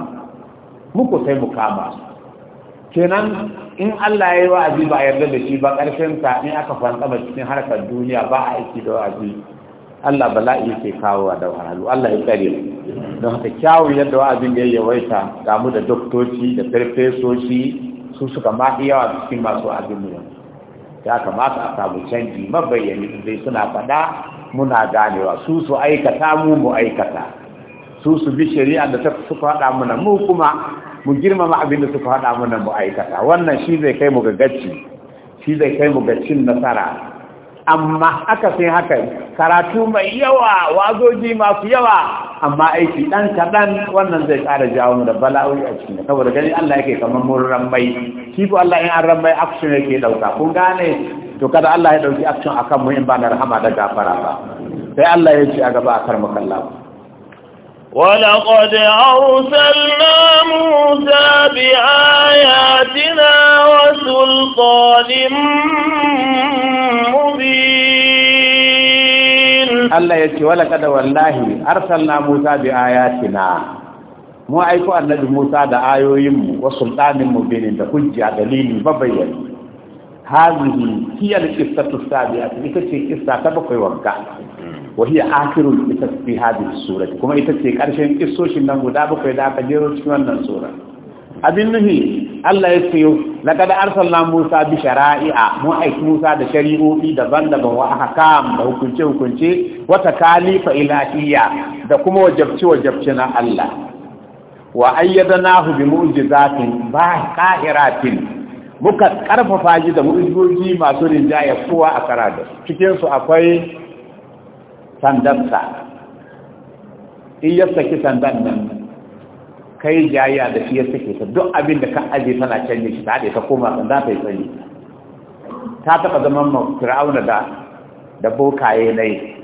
Speaker 2: muku sai mu kama su kenan in Allah ya yi wa'azi ba yarda da shi ba ƙarshen ta in aka ba cikin harkar duniya ba a aiki da wa'azi Allah bala'i yake kawo wa da wahalu Allah ya tsare don haka kyawun yadda wa'azin da ya yawaita damu da doktoci da farfesoshi su suka ma yawa cikin masu wa'azin mu ya kamata a samu canji mabayyani dai suna faɗa muna ganewa su su aikata mu mu aikata su su bi shari'a da ta suka faɗa mana mu kuma mu girmama abin da suka haɗa mana mu aikata wannan shi zai kai mu ga gacci shi zai kai mu ga cin nasara amma aka sai haka karatu mai yawa wazoji masu yawa amma aiki dan kaɗan wannan zai ƙara jawo mu da bala'o'i a cikin saboda gani Allah yake kamar mun mai shi ko Allah in an mai action yake dauka kun gane to kada Allah ya dauki action akan mu in ba na rahama da gafara ba sai Allah ya ci a gaba a karmakan lafiya
Speaker 1: ولقد أرسلنا موسى بآياتنا وسلطان مبين
Speaker 2: الله يتي ولقد والله أرسلنا موسى بآياتنا mu aiko annabi Musa da ayoyinmu wa sultanin mubinin da hujja dalili babayyan hazihi hiya al-qissatu sabi'a ita ce kissa ta bakwai wanka وهي آخر القصص في هذه السورة كما يتسي كارشين قصوش إنه مدابق إذا كجيرو شكوانا السورة abin nuhi Allah ya ce laqad arsalna Musa bi shara'i'a mu aiki Musa da shari'o'i daban-daban wa da hukunce hukunce wa takalifa ila'iya da kuma wajabci wajabci na Allah wa ayyadnahu bi mu'jizatin ba qahiratin muka karfafa shi da mu'jizoji masu rinjaya kowa a karada cikinsu akwai sa in ya saki sandan nan kai jayya da shi ya saki ta duk abin da ka aje tana canje shi ta haɗe ta koma sanda ta yi tsaye ta taɓa zaman ma fir'auna da da bokaye na yi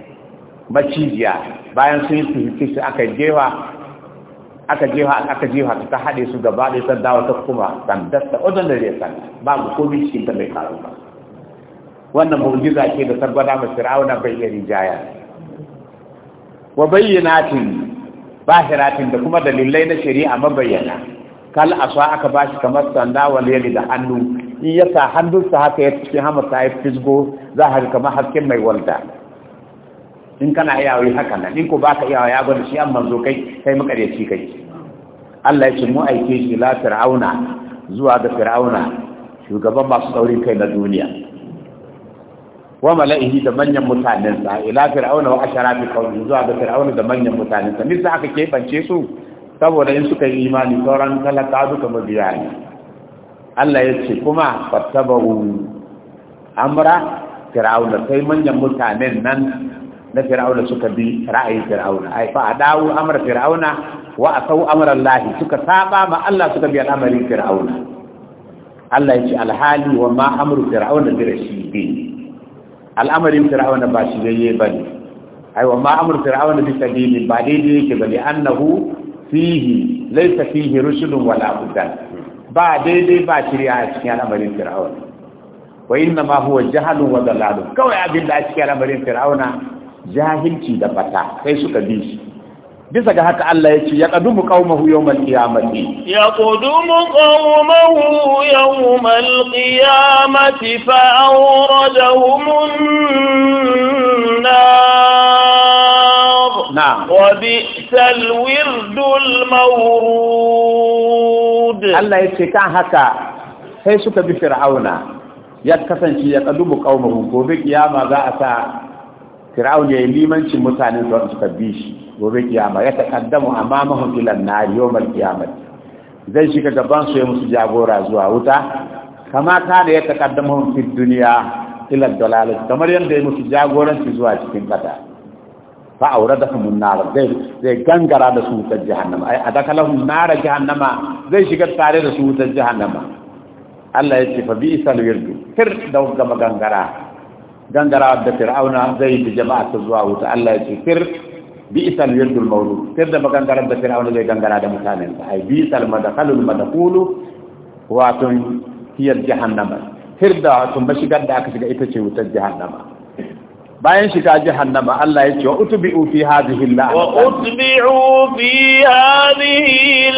Speaker 2: macijiya bayan sun yi tuhiki su aka jewa aka jewa aka jewa ta haɗe su gaba ɗaya ta dawo ta kuma sandar ta wajen da zai sanda babu komai cikin ta mai karu wannan mu'jiza ce da sargwada ma fir'auna bai iya rijaya wa bayyanatin bahiratin da kuma dalilai na shari'a mabayyana kal aswa aka bashi kamar sanda wal yadi da hannu in ya sa hannunsa haka ya cikin hamasa ya fisgo za a kama hasken mai walda in kana wai haka nan in ko baka iyawa ya gwada shi an manzo kai kai makaryaci kai Allah ya ce mu aike shi la fir'auna zuwa ga fir'auna shugaban masu saurin kai na duniya wa mala'ihi da manyan mutanensa ila fir'auna wa asharafi qawmi zuwa ga fir'auna da manyan mutanensa nisa aka kebance su saboda in suka yi imani sauran talaka duka mabiya ne Allah ya ce kuma fattabahu amra fir'auna sai manyan mutanen nan na fir'auna suka bi ra'ayin fir'auna ai fa adawu amra fir'auna wa asau amra Allah suka saba ma Allah suka bi al'amarin fir'auna Allah ya ce alhali wa ma amru fir'auna bi rashidin al'amarin fir'auna ba shi yi bane ai wa ma amru fir'auna bisa sabili ba daidai yake bane annahu fihi laisa fihi rusulun wala budan ba daidai ba shirya a cikin al'amarin fir'auna wa inna ma huwa jahalun wa dalalun kawai abinda a cikin al'amarin fir'auna jahilci da fata sai suka bi shi bisa ga haka Allah ya ce ya ƙadumu ƙaumahu yau malƙiyamati
Speaker 1: ya ƙadumu ƙaumahu yau malƙiyamati fa'aura da humun na wabi salwirdul maurud
Speaker 2: Allah ya ce kan haka sai suka bi fir'auna ya kasance ya ƙadumu ƙaumahu gobe ƙiyama za a sa fir'aun ya yi limancin mutanen da suka bi shi gobe kiyama ya taqaddamu amamahum ila an-nar yawm al zai shiga gaban su ya musu jagora zuwa wuta kama kana ya taqaddamu fi dunya ila dalalah kamar yadda ya musu jagoranci zuwa cikin kata fa awradahum an-nar nara. zai gangara da su ta jahannama ai adakalahum nara jahannama zai shiga tare da su wutar jahannama Allah ya ce fa bi'sal wirdu fir da gama gangara دندرا عبد فرعون زي جماعة الزواو تعالى يسكر بئس الورد المولود كذا ما كان رب فرعون زي دندرا عبد مسالم هاي بئس المدخل المدخول وات هي جهنم فردا ثم شي قد اكس جاي تشي وت جهنم باين شي جهنم الله يجي اتبعوا في هذه اللعنه
Speaker 1: واتبعوا في هذه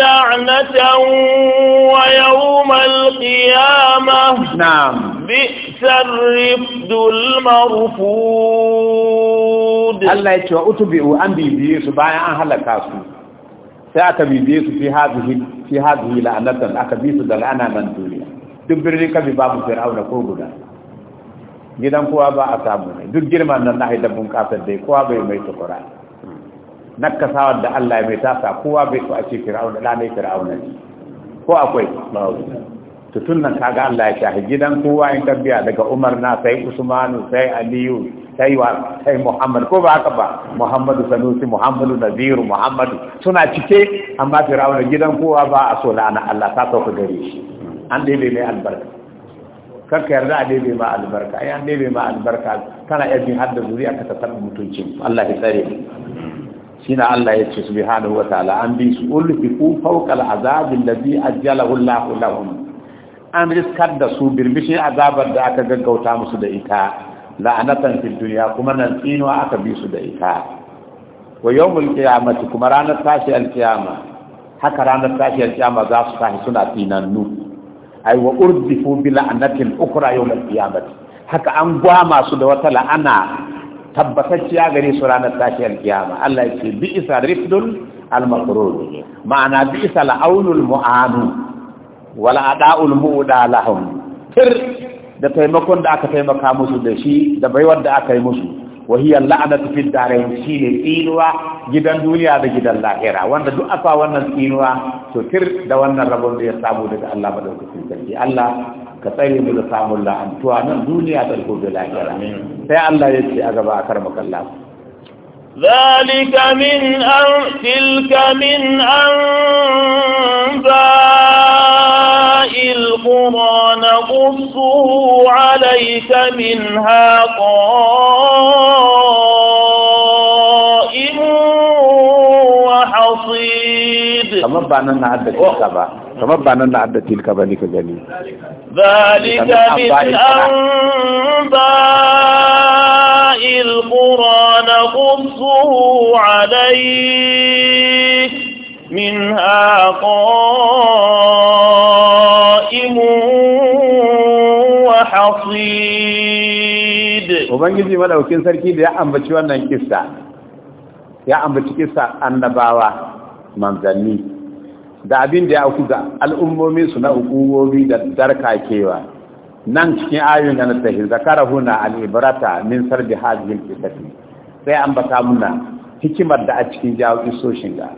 Speaker 1: لعنه ويوم القيامه نعم sharridul
Speaker 2: marfud Allah yace wa utbi'u an bibiye su bayan an halaka su sai aka bibiye su fi hadhihi fi hadhihi la'anatan aka bi su da la'ana man duniya duk birnin kabi fira auna ko guda gidan kowa ba a samu ne duk girman nan na haida bun kasar dai kowa bai mai tukura nakasawa da Allah ya mai tasa kowa bai so a ce fira auna ne ko akwai ba'u to tun nan kaga Allah ya shahi gidan kowa in tabbiya daga Umar na sai Usmanu sai Aliyu sai wa sai Muhammad ko ba haka ba Muhammadu Sanusi Muhammadu Naziru Muhammadu suna cike amma Fir'auna gidan kowa ba a so lana Allah ta sauka gare shi an bai mai albarka karka yarda a bai ma albarka ai an bai ma albarka kana yaji har da zuriya ka ta taɓa mutuncin Allah ya tsare shine Allah ya ce subhanahu wa ta'ala an bi su ulfiqu fawqa al'azabi allazi ajjalahu Allahu lahum an riskar da su birbishin azabar da aka gaggauta musu da ita la'anatan fil duniya kuma nan tsinuwa aka bi su da ita wa yawmul qiyamati kuma ranar tashi alkiyama haka ranar tashi alkiyama za su tashi suna tsinannu ai wa urdifu bi la'anatin ukhra yawmul qiyamati haka an gwama su da wata la'ana tabbatacciya gare su ranar tashi alkiyama Allah ya ce bi isa rifdul al ma'ana bi isa la'aunul mu'anu wala ada'ul mu'da lahum fir da taimakon da aka taimaka musu da shi da baiwar da aka yi musu wa hiya la'natu fid darain ne tsinuwa gidan duniya da gidan lahira wanda duk aka wannan tsinuwa to tir da wannan rabon da ya samu daga Allah madaukakin sarki Allah ka tsare mu da samun la'antuwa nan duniya da gobe lahira sai Allah ya ce a gaba a karmakan lafiya
Speaker 1: ذلك من أن تلك من أنباء القرى نقصه عليك منها قال
Speaker 2: kamar ba nan na haddace ka ba kamar ba nan na haddace ka ba ni ka gani zalika min
Speaker 1: anba'il qur'an qussuhu alayk minha
Speaker 2: qa'im wa hasid ubangiji madaukin sarki da ya ambaci wannan kissa ya ambaci kissa annabawa manzanni da abin da ya ku ga al'ummomi su na hukumomi da kewa nan cikin ayoyin da na sahi zakara huna al'ibrata min sarbi hajjin kisati sai an bata muna hikimar da a cikin jawo isoshin ga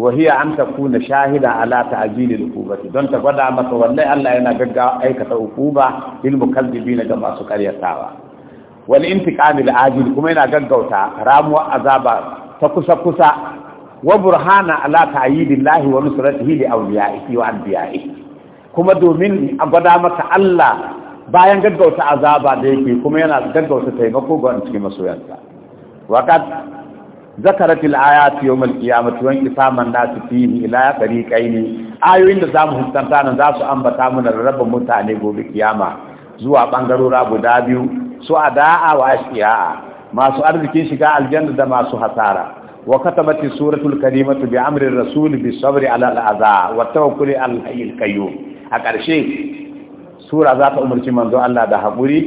Speaker 2: wahiya an ta kuna shahida ala ta'jilil hukubati don ta gwada maka wallahi Allah yana gaggawa aikata hukuba lil na ga masu karyatawa wal intikamil ajil kuma yana gaggauta ramuwa azaba ta kusa kusa wa burhana ala ta'yidillahi wa nusratihi li awliya'ihi wa anbiya'ihi kuma domin a gwada maka Allah bayan gaggauta azaba da yake kuma yana gaggauta taimako ga cikin masoyansa waqad zakarat al-ayat yawm al-qiyamati wa inqisaman nasu fihi ila tariqain ayoyin da zamu huskanta nan za su ambata mana rarraba mutane gobe kiyama zuwa bangarora guda biyu su ada'a wa asiya masu arzikin shiga aljanna da masu hasara وكتبت السورة الكريمة بأمر الرسول بالصبر على الأذى والتوكل على الحي القيوم أكرشي سورة ذات أمر من دو الله ده حقوري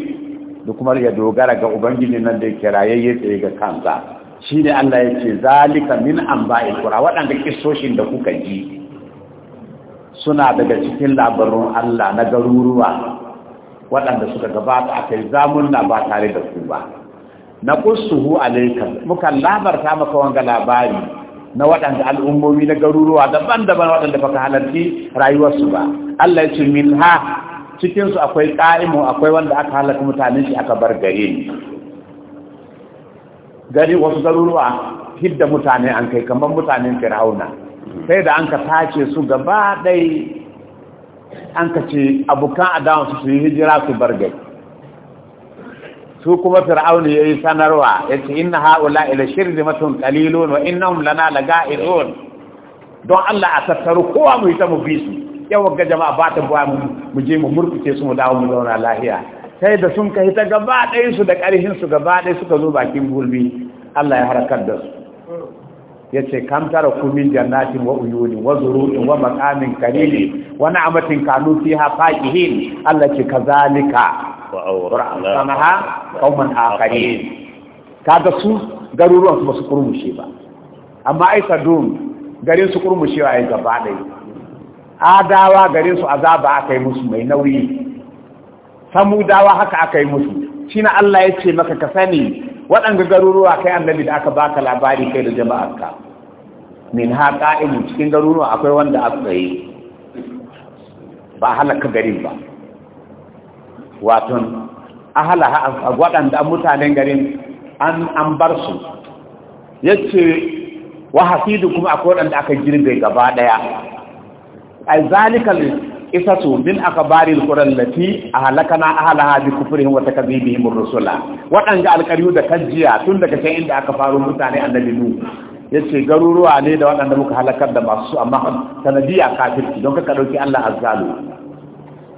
Speaker 2: دوكما يا دوغارا ga ubangiji nan da kirayayye tsaye ga kansa shine Allah yace zalika min amba'il qura wadanda kissoshin da kuka ji suna daga cikin labarun Allah na garuruwa waɗanda suka gabata akai zamun na ba tare da ku ba na kusuhu alaika muka labarta maka wanga labari na waɗanda al'ummomi na garuruwa daban-daban waɗanda baka halarci rayuwarsu ba Allah ya ce min ha cikinsu akwai ƙa'imu akwai wanda aka halarci mutanen shi aka bar gare ni gari wasu garuruwa hidda mutane an kai kamar mutanen fir'auna sai da an ka tace su gaba ɗai an ka ce abokan adawa su yi hijira su bar gare su kuma fir'aun ya yi sanarwa ya ce inna ha'ula ila shirzi matun kalilun wa innahum lana laga'irun don Allah a tattaru kowa mu yi ta mu bi su yawa ga jama'a ba ta buwa mu je mu murkuce su mu dawo mu zauna lahiya sai da sun kai ta gaba ɗaya su da ƙarfin su gaba ɗaya suka zo bakin gulbi Allah ya harkar da
Speaker 1: su
Speaker 2: ya ce kam tara kumin jannatin wa uyuni wa zuru'in wa maqamin karimi wa na'matin kanu fiha faqihin Allah ce kazalika fa'awra'naha kauman akari kaga su garuruwan su basu kurmushe ba amma ai sadum garin su wa ai gaba dai adawa garin su azaba akai musu mai nauyi Samu dawa haka akai musu Shi na Allah ya ce maka ka sani waɗanda garuruwa kai annabi da aka baka labari kai da jama'arka min ha qa'imin cikin garuruwa akwai wanda aka yi ba halaka garin ba waton ahalaha waɗanda mutanen garin an bar su ya ce wa hasidu kuma akwai waɗanda aka girbe gaba ɗaya a zalikal isatu min akabaril quran lati ahlakana ahlaha bi kufrihim wa takdhibihim ar-rusula waɗanda alƙaryu da kajiya tun daga can inda aka faru mutane annabi nu yace garuruwa ne da waɗanda muka halakar da masu amma sanadiya kafirci don ka ɗauki Allah azzalu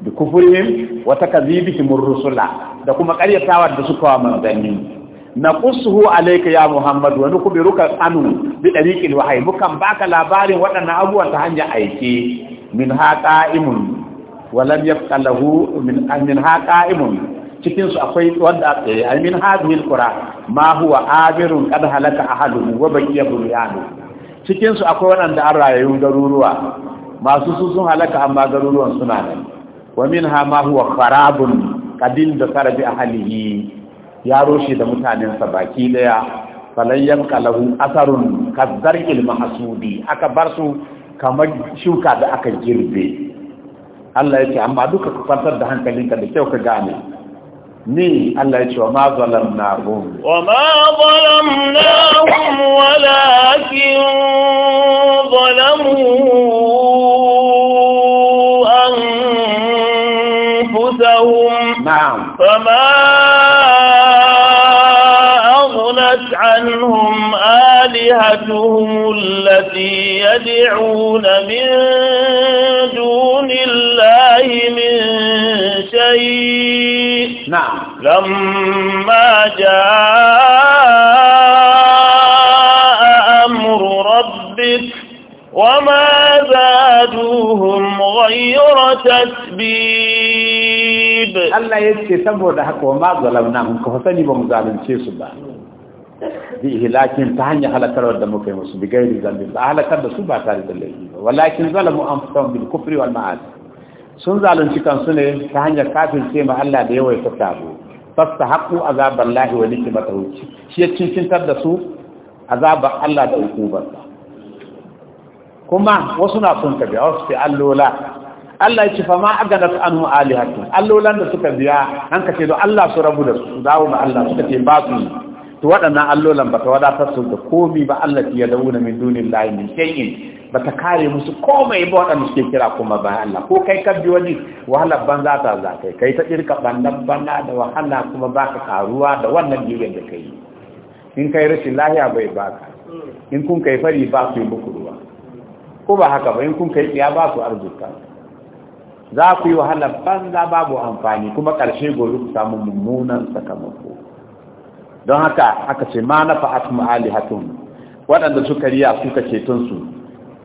Speaker 2: bi wata wa takdhibihim ar-rusula da kuma karyatawar da suka wa manzanni naqsuhu alayka ya Muhammadu wani kuma nukbiruka anu bi tariqil wahyi mukan baka labarin waɗannan abubuwan ta hanyar aiki. min haqa'imun wa lam yabqa lahu min min haqa'imun cikin su akwai wanda a eh, tsaye ai min hadhihi kura? ma huwa abirun qad halaka ahaduhu wa baqiya bunyanu cikin su akwai waɗanda an rayayyun garuruwa masu su sun halaka amma garuruwan suna nan wa minha ma huwa kharabun kadin da sarabi ahlihi ya roshe da mutanensa baki daya falan yanka lahu asarun kazzarqil mahsudi aka bar su kamar shuka da aka girbe Allah yake amma duka ka kwantar da hankalinka da kyau ka gane ni Allah ya ce wa ma zalamnahum wa ma
Speaker 1: zalamnahum walakin نعم فما أغنت عنهم آلهتهم التي يدعون من دون الله من شيء نعم لما جاء أمر ربك وما زادوهم غير
Speaker 2: تتبيب الله يسكي سبود حق وما ظلمناهم كفصني بمظالم شيء سبا لكن تهني على كرة دمك يمسو بغير ذنب على كرة سبا تارد الله ولكن ظلموا أنفسهم بالكفر والمعاد sun zalunci kansu ne ta hanyar kafin ce ma Allah da yawa ya tabo fasta haƙu azabar lahi wa niki wuce cincintar da su azabar Allah da hukubarsa kuma wasu na sun ka biya wasu ce allola Allah ya ce fa ma aganat anhu alihatu allolan da suka biya an ka ce don Allah su rabu da su dawo da Allah suka ce ba su to waɗannan allolan ba ta wadatar su da komi ba Allah ya na min dunin layi min shay'in ba ta kare musu komai ba waɗanda suke kira kuma bayan Allah ko kai ka bi wani ban banza ta za kai kai ta irka bannan banna da wahala kuma ba ka karuwa da wannan jirgin da kai in kai rashin lahiya bai baka in kun kai fari ba su yi muku ko ba haka ba in kun kai tsiya ba su arzuta za ku yi wahala banza babu amfani kuma ƙarshe gobe ku samu mummunan sakamako don haka aka ce ma na fa'at ma'ali hatun waɗanda suka riya suka ceton su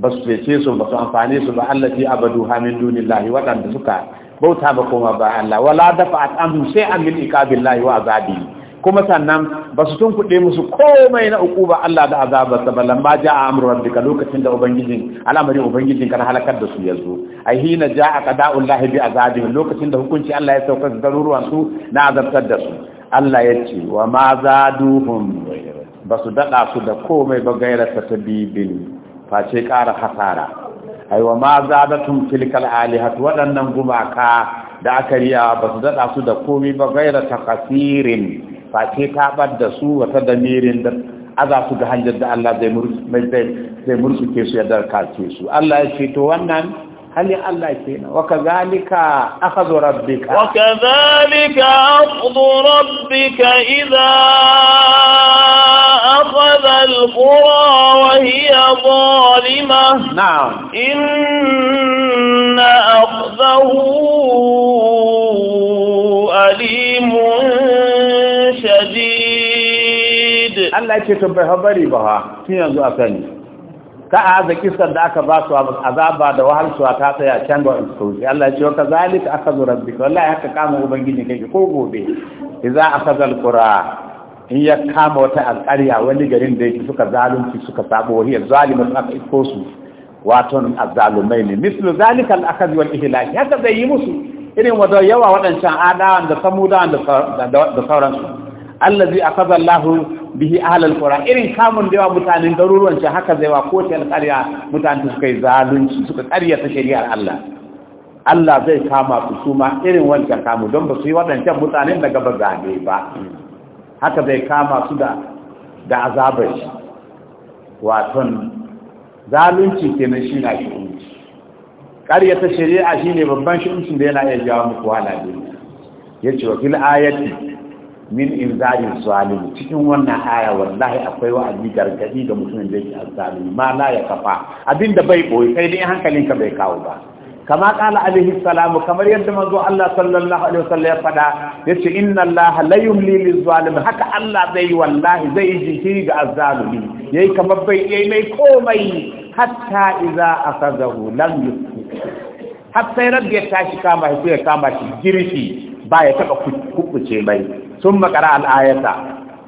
Speaker 2: ba su cece su ba su amfani su ba Allah ji abadu hamin dunillahi waɗanda suka bauta ba koma ba Allah wala dafa'at amhum sai amin min wa azabihi kuma sannan ba su tunkuɗe musu komai na uku ba Allah da azabarsa ba lamma ja a amurar duka lokacin da ubangijin al'amarin ubangijin kan halakar da su yanzu a hina ja a kada'un lahibi azabi lokacin da hukunci Allah ya saukar da garuruwan su na azabtar da su Allah ya ce wa ma duhun? ba su daɗa su da komai ba gaira ta tabibin face ƙara hasara ai wa ma zadatun tilkal alihat waɗannan gumaka da aka riya ba su daɗa su da komai ba gaira kasirin face ta bar da su wata damirin da aza su ga hanyar da Allah zai mursuke su yadda kace su Allah ya ce to wannan halin Allah ke nan waka zalika aka zo rabbika waka zalika aka zo
Speaker 1: rabbika idan أخذ القرى وهي ظالمة نعم إن أخذه أليم
Speaker 2: Allah ya ce to bai habari ba ha tun yanzu a sani ka a da kisan da aka ba su azaba da wahal su ta tsaya can ga ji Allah ya ce ka kazalika akhadhu rabbika wallahi haka kama ubangiji kake ko gobe idza akhadha alqura in ya kama wata alƙarya wani garin da yake suka zalunci suka sabo wani ya zalimin aka iko su waton azalumai ne mislu zalika al-akhadh wal ihlal haka zai yi musu irin wadda yawa waɗancan adawan da da da sauransu allazi akhadha Allah bihi ahlal qura irin kamun da yawa mutanen garuruwan ce haka zai wa kowace alƙarya mutanen suka yi zalunci suka ƙarya ta shari'ar Allah Allah zai kama su suma irin wancan kamu don ba su yi waɗancan mutanen daga ba zabe ba haka zai kama su da da azabar shi waton zalunci kenan shi na shi umci ƙarya ta shari'a shi ne babban shi umcin da yana iya jawo muku hana biyu. yace wa fil ayati min inzarin zalimi cikin wannan aya wallahi akwai wa'azi gargadi ga mutumin da yake azzalimi ma la ya kafa abinda bai boye sai dai hankalinka bai kawo ba kama kala alaihi kamar yadda manzo Allah sallallahu alaihi wasallam ya fada yace inna Allah la yumli lizalim haka Allah zai wallahi zai jinkiri ga azzalimi yayi kamar bai yayi mai komai hatta idza akhadahu lam yusfi hatta rabbi ya tashi kama shi ya kama shi girki ba ya taɓa kuɓuce mai sun makara al'ayata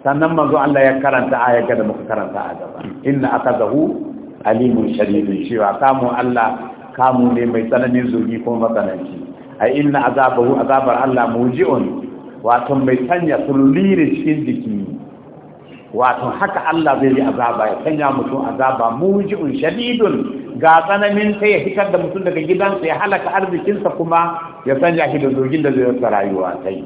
Speaker 2: sannan manzo Allah ya karanta ayar da muka karanta a gaba inna akazahu alimun shadidun cewa kamun Allah kamu ne mai tsananin zurgi ko matsananci a inna azabahu azabar Allah muji'un wato mai sanya sulli cikin jiki wato haka Allah zai yi azaba ya sanya mutum azaba muji'un shadidun ga tsananin sai ya fitar da mutum daga gidansa ya halaka arzikinsa kuma ya sanya shi da zogin da zai rasa rayuwa sai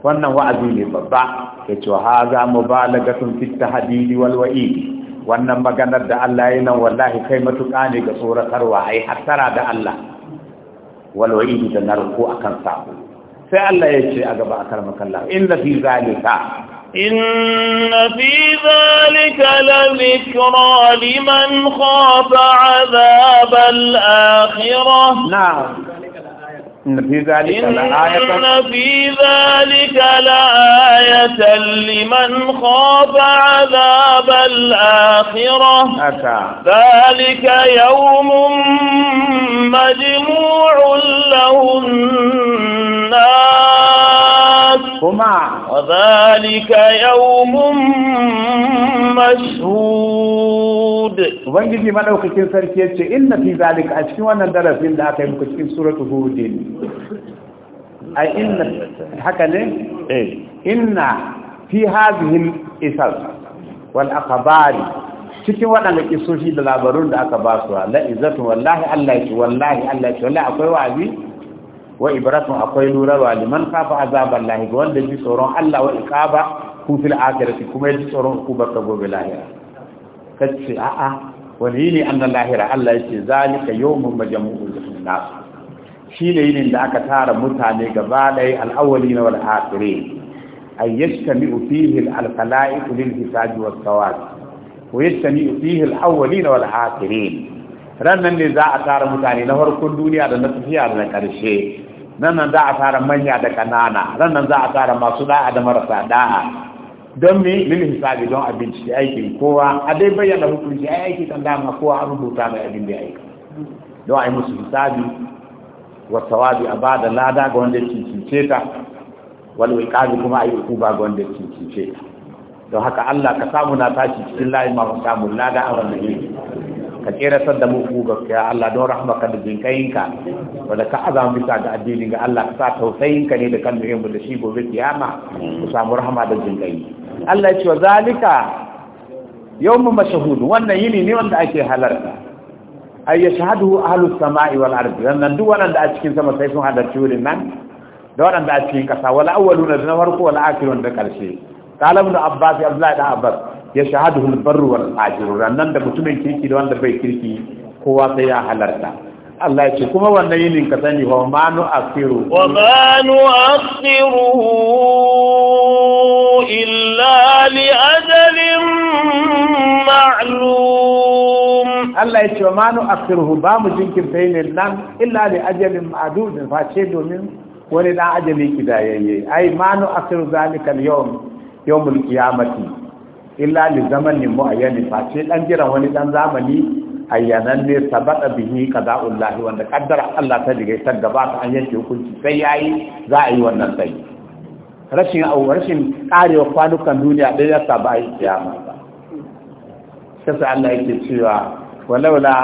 Speaker 2: wannan wa'azi ne babba ya ce ha za mu balagatun fitta hadidi wal wannan maganar da Allah ya nan wallahi kai matuƙa ne ga tsoratarwa ai hasara da Allah Walwa'i wa'idi da narko akan sabo sai Allah ya ce a gaba akar makalla inna fi zalika
Speaker 1: إن في ذلك لذكرى لمن خاف عذاب الآخرة نعم إن في ذلك لآية إن في ذلك لآية لمن خاف عذاب الآخرة أتا. ذلك يوم مجموع له النار kuma
Speaker 2: wadhalika yawmun mashhud ubangiji madaukakin sarki yace inna fi zalika a cikin wannan darasin da aka yi muku cikin suratul hud ai inna haka ne eh inna fi hadhihi isal wal akhbari cikin waɗanda kisoshi da labarun da aka ba su la izatu wallahi Allahi, wallahi Allahi, wallahi akwai wa'azi wa ibratun akwai lura lurarwa liman kafa azaban lahi ga wanda ji tsoron Allah wa iqaba ku fil akhirati kuma ya ji tsoron hukubar ka gobe lahira kace a'a wani ne annan lahira Allah yace zalika yawmun majmu'un nas shi ne yin da aka tara mutane gaba ɗaya al'awwalin wal akhirin ay yajtami'u fihi al khalaiq lil hisab was sawab wa yajtami'u fihi al awwalin wal akhirin ranan ne za a tara mutane na farkon duniya da na tafiya da na karshe nan nan za a tara manya da kanana nan nan za a tara masu da'a da marasa da'a don me lil hisabi don a bincike aikin kowa a dai bayyana hukunci ai aiki kan dama kowa an rubuta mai abin da yi. don a musu hisabi wa tawabi, a ba da lada ga wanda cikice ta wal iqabi kuma a yi ukuba ga wanda cikice ta don haka Allah ka samu na tashi cikin layi ma samu lada a wannan yini ka san da muku ku ya Allah don rahmaka da jinkayinka wanda ka azama bisa ga addini ga Allah ka sa tausayinka ne da kan mu da shi gobe kiyama ku samu rahama da jinkayi Allah ya ce wa zalika yawmun mashhud wannan yini ne wanda ake halarta ay yashhadu ahlus samai wal ardi wannan duk da a cikin sama sai sun hadarci nan da wanda a cikin kasa wal awwaluna da na farko wal akhirun da karshe qala ibn abbas abdullahi da abbas ya shahadu hulbarru wal ajiru nan da mutumin kirki da wanda bai kirki kowa sai ya halarta Allah ya ce kuma wannan yinin ka sani wa ma nu asiru wa ma
Speaker 1: nu asiru illa li
Speaker 2: ajalin ma'lum Allah ya ce wa ma nu asiru ba mu jinkirta yinin nan illa li ajalin ma'dud fa ce domin wani dan ajali kidayayye ai ma nu asiru zalika al-yawm yawmul qiyamati illa li zamanin mu'ayyanin face dan jira wani dan zamani ayyanan ne sabata bihi qada'ullah wanda kaddara Allah ta diga ta gaba ta an yanke hukunci sai yayi za a yi wannan sai rashin au rashin karewa kwanukan duniya da ya saba yi kiyama sai sai Allah yake cewa walaula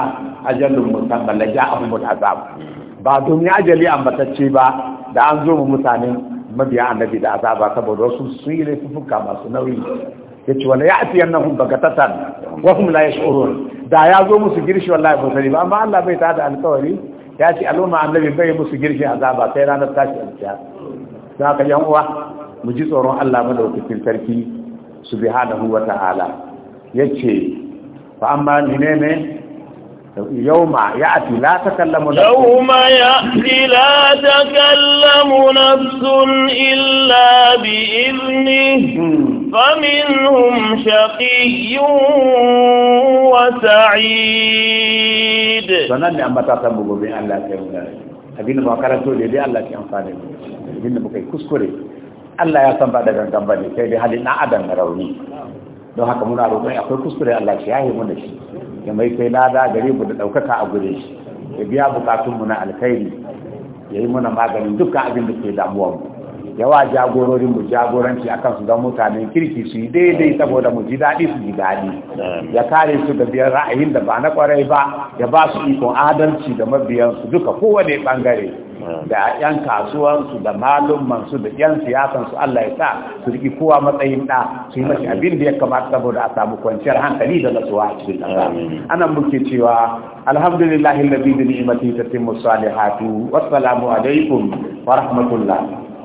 Speaker 2: ajalun musamman la ja'ahumul azab ba domin ajali ambatacce ba da an zo mu mutanen mabiya annabi da azaba saboda wasu sun yi laifuka masu nauyi ya ce wala ya ati yannahum bagatatan wa hum la da ya zo musu girshi wallahi ba sani ba amma Allah bai tada alƙawari ya ce al'umma annabi bai musu girshi azaba sai ranar tashi alƙiya za ka yan uwa mu ji tsoron Allah madaukakin sarki subhanahu wa ta'ala yace fa amma ne. يوم يأتي لا تكلم نفس يوم يأتي لا تكلم نفس إلا
Speaker 1: بإذنه فمنهم شقي
Speaker 2: وسعيد سنن أما تتمو بين الله كيوم أبين ما كانت تولي بي الله كيوم فاني أبين ما كي كسكري الله يتنبع دقان قبلي كي بحالي نعدن رومي don haka muna roƙon akwai kuskure Allah shi yayi mana shi ya mai kai lada gare mu da ɗaukaka a gure shi ya biya bukatun mu na alkhairi ya yi mana maganin dukkan abin da ke damuwa mu yawa jagororin mu jagoranci akan su ga mutanen kirki su yi daidai saboda mu ji daɗi su ji daɗi ya kare su da biyan ra'ayin da ba na kwarai ba ya ba su ikon adalci da mabiyansu duka kowane bangare da yan kasuwansu da malummansu da yan su Allah ya sa su riki kowa matsayin da su yi mashi abin da ya kamata saboda a samu kwanciyar hankali da nasuwa a cikin ƙasa anan muke cewa alhamdulillahi alladhi bi ni'matihi tatimmu salihatu wassalamu alaikum wa rahmatullah